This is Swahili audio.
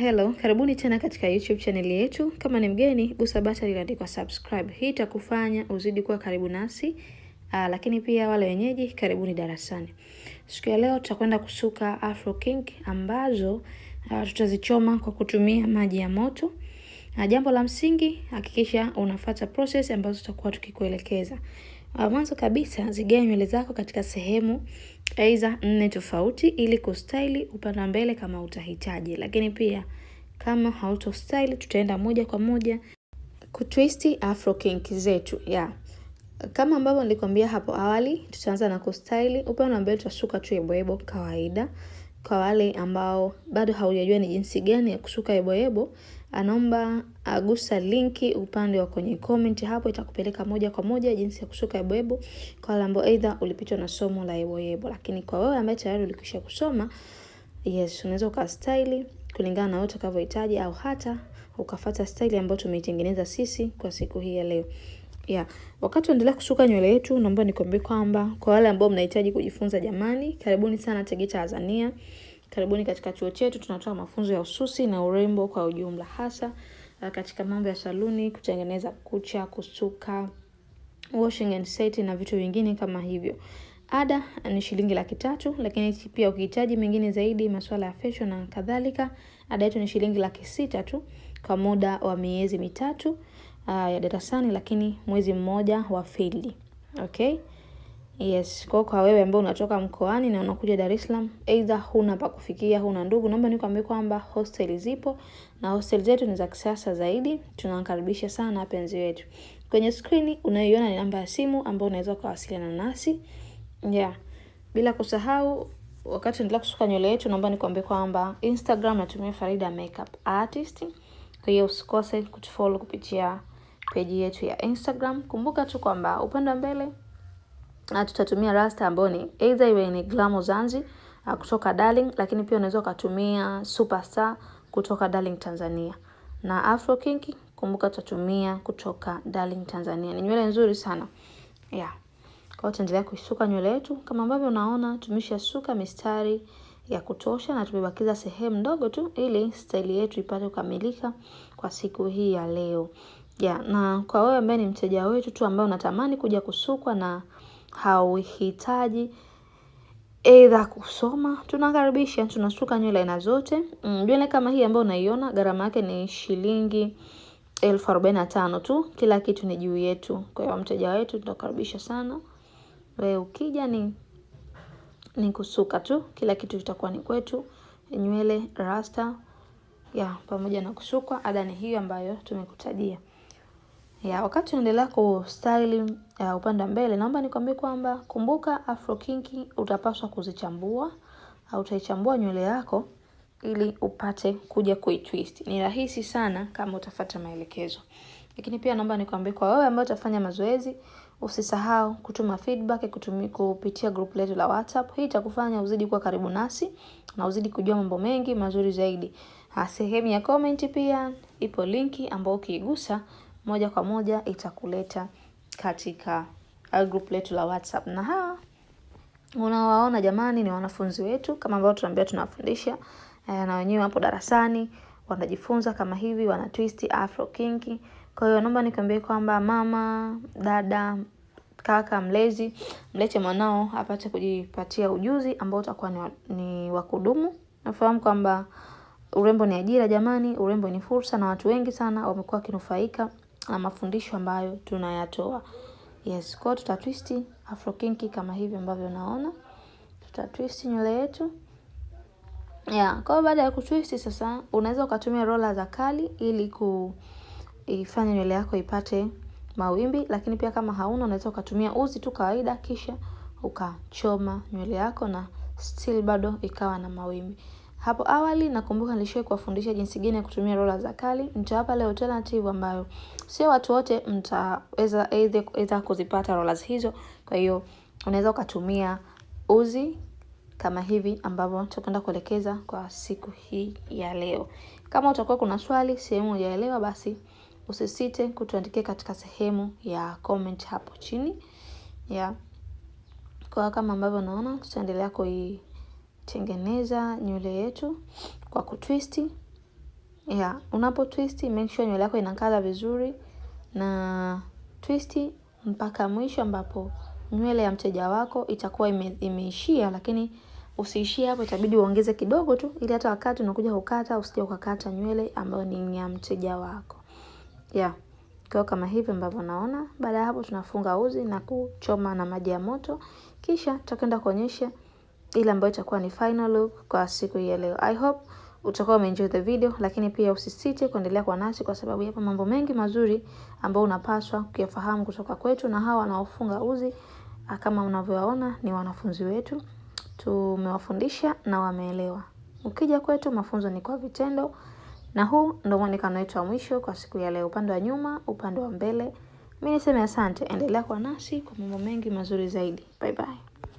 Hello, karibuni tena katika YouTube chaneli yetu. Kama ni mgeni, gusa button iliandikwa subscribe. Hii itakufanya uzidi kuwa karibu nasi. Aa, ah, lakini pia wale wenyeji, karibuni darasani. Siku ya leo tutakwenda kusuka afro kinky ambazo aa, ah, tutazichoma kwa kutumia maji ya moto. Na ah, jambo la msingi, hakikisha unafuata process ambazo tutakuwa tukikuelekeza. Mwanzo kabisa zigawe nywele zako katika sehemu aidha nne tofauti ili kustaili upande wa mbele kama utahitaji, lakini pia kama hauto style tutaenda moja kwa moja kutwisti afro kink zetu yeah. Kama ambavyo nilikwambia hapo awali, tutaanza na kustaili upande wa mbele, tutashuka tu yeboyebo kawaida. Kwa wale ambao bado haujajua ni jinsi gani ya kusuka yeboyebo, anaomba agusa linki upande wa kwenye comment hapo, itakupeleka moja kwa moja jinsi ya kusuka yeboyebo kwa wale ambao aidha ulipitwa na somo la yeboyebo. Lakini kwa wewe ambaye tayari ulikisha kusoma, yes, unaweza ukastaili kulingana na wewe utakavyohitaji au hata ukafata staili ambayo tumeitengeneza sisi kwa siku hii ya leo. Yeah. Wakati unaendelea kushuka nywele yetu, naomba nikwambie kwamba kwa wale ambao mnahitaji kujifunza, jamani, karibuni sana Tegeta Tanzania. Karibuni katika chuo chetu, tunatoa mafunzo ya ususi na urembo kwa ujumla, hasa uh, katika mambo ya saluni, kutengeneza kucha, kusuka, washing and set na vitu vingine kama hivyo. Ada ni shilingi laki tatu, lakini pia ukihitaji mengine zaidi, masuala ya fashion na kadhalika, ada yetu ni shilingi laki sita tu kwa muda wa miezi mitatu uh, ya darasani lakini mwezi mmoja wa field. Okay? Yes, kwa kwa wewe ambaye unatoka mkoani na unakuja Dar es Salaam, either huna pa kufikia, huna ndugu, naomba nikwambie kwamba hostel zipo na hostel zetu ni za kisasa zaidi. Tunawakaribisha sana wapenzi wetu. Kwenye screen unayoiona ni namba ya simu ambayo unaweza kuwasiliana nasi. Yeah. Bila kusahau wakati endelea kusuka nywele yetu, naomba nikwambie kwamba Instagram natumia Farida Makeup Artist. Kwa hiyo usikose kutufollow kupitia peji yetu ya Instagram. Kumbuka tu kwamba upande wa mbele ah, tutatumia rasta ambayo ni either iwe ni Glamo Zanzi ah, kutoka Darling, lakini pia unaweza ukatumia Superstar kutoka Darling Tanzania na Afro Kinky, kumbuka tutatumia kutoka Darling Tanzania. Ni nywele nzuri sana yeah. Kwa hiyo tuendelea kuisuka nywele yetu kama ambavyo unaona, suka mistari ya kutosha na tumebakiza sehemu ndogo tu ili staili yetu ipate kukamilika kwa siku hii ya leo. Yeah, na kwa wewe ambaye ni mteja wetu tu ambaye unatamani kuja kusukwa na hauhitaji aidha kusoma, tunakaribisha. Tunasuka nywele aina zote. Mm, nywele kama hii ambayo unaiona gharama yake ni shilingi elfu arobaini na tano tu. Kila kitu ni juu yetu. Kwa hiyo mteja wetu tunakaribisha sana. Wewe ukija ni ni kusuka tu, kila kitu kitakuwa ni kwetu, nywele rasta ya pamoja na kusukwa. Ada ni hiyo ambayo tumekutajia. Ya, wakati unaendelea ku style uh, upande wa mbele, naomba nikwambie kwamba kumbuka, afro kinki utapaswa kuzichambua au utaichambua nywele yako ili upate kuja kuitwist. Ni rahisi sana kama utafata maelekezo. Lakini pia naomba nikwambie kwa wewe ambao utafanya mazoezi, usisahau kutuma feedback kutumi, kupitia group letu la WhatsApp. Hii itakufanya uzidi kuwa karibu nasi na uzidi kujua mambo mengi mazuri zaidi. Ah, sehemu ya comment pia ipo linki ambayo ukiigusa moja kwa moja itakuleta katika uh, group letu la WhatsApp. Na hawa unaowaona jamani, ni wanafunzi wetu kama ambao tunaambia tunawafundisha e, na wenyewe hapo darasani wanajifunza kama hivi, wana twist afro kinki. Kwa hiyo naomba nikwambie kwamba mama, dada, kaka, mlezi, mlete mwanao apate kujipatia ujuzi ambao utakuwa ni, ni wa kudumu. Nafahamu kwamba urembo ni ajira jamani, urembo ni fursa, na watu wengi sana wamekuwa wakinufaika na mafundisho ambayo tunayatoa. Yes, kwa tuta twist afro kinki kama hivi ambavyo unaona. Tuta twist nywele yetu. Yeah, kwa baada ya kutwist sasa unaweza ukatumia roller za kali ili kuifanya nywele yako ipate mawimbi, lakini pia kama hauna unaweza ukatumia uzi tu kawaida kisha ukachoma nywele yako na still bado ikawa na mawimbi. Hapo awali nakumbuka nilishawahi kuwafundisha jinsi gani ya kutumia rola za kali. Nitawapa leo alternative ambayo sio watu wote mtaweza either kuzipata rollers hizo. Kwa hiyo unaweza ukatumia uzi kama hivi ambavyo tutakwenda kuelekeza kwa siku hii ya leo. Kama utakuwa kuna swali sehemu hujaelewa, basi usisite kutuandikia katika sehemu ya comment hapo chini. ya Yeah. Kwa kama ambavyo unaona tutaendelea kui tengeneza nywele yetu kwa kutwisti. Yeah, unapo twisti make sure nywele yako inakala vizuri na twisti mpaka mwisho ambapo nywele ya mteja wako itakuwa ime, imeishia, lakini usiishie hapo, itabidi uongeze kidogo tu, ili hata wakati unakuja kukata usije ukakata nywele ambayo ni ya mteja wako. Yeah. Kwa kama hivi ambavyo naona, baada ya hapo tunafunga uzi na kuchoma na maji ya moto, kisha tutakwenda kuonyesha ile ambayo itakuwa ni final look kwa siku ya leo. I hope utakuwa umeenjoy the video, lakini pia usisite kuendelea kwa nasi, kwa sababu yapo mambo mengi mazuri ambayo unapaswa kuyafahamu kutoka kwetu, na hawa wanaofunga uzi ah, kama unavyowaona ni wanafunzi wetu, tumewafundisha na wameelewa. Ukija kwetu mafunzo ni kwa vitendo, na huu ndio mwonekano wetu wa mwisho kwa siku ya leo, upande wa nyuma, upande wa mbele. Mimi niseme asante, endelea kwa nasi kwa mambo mengi mazuri zaidi. Bye bye.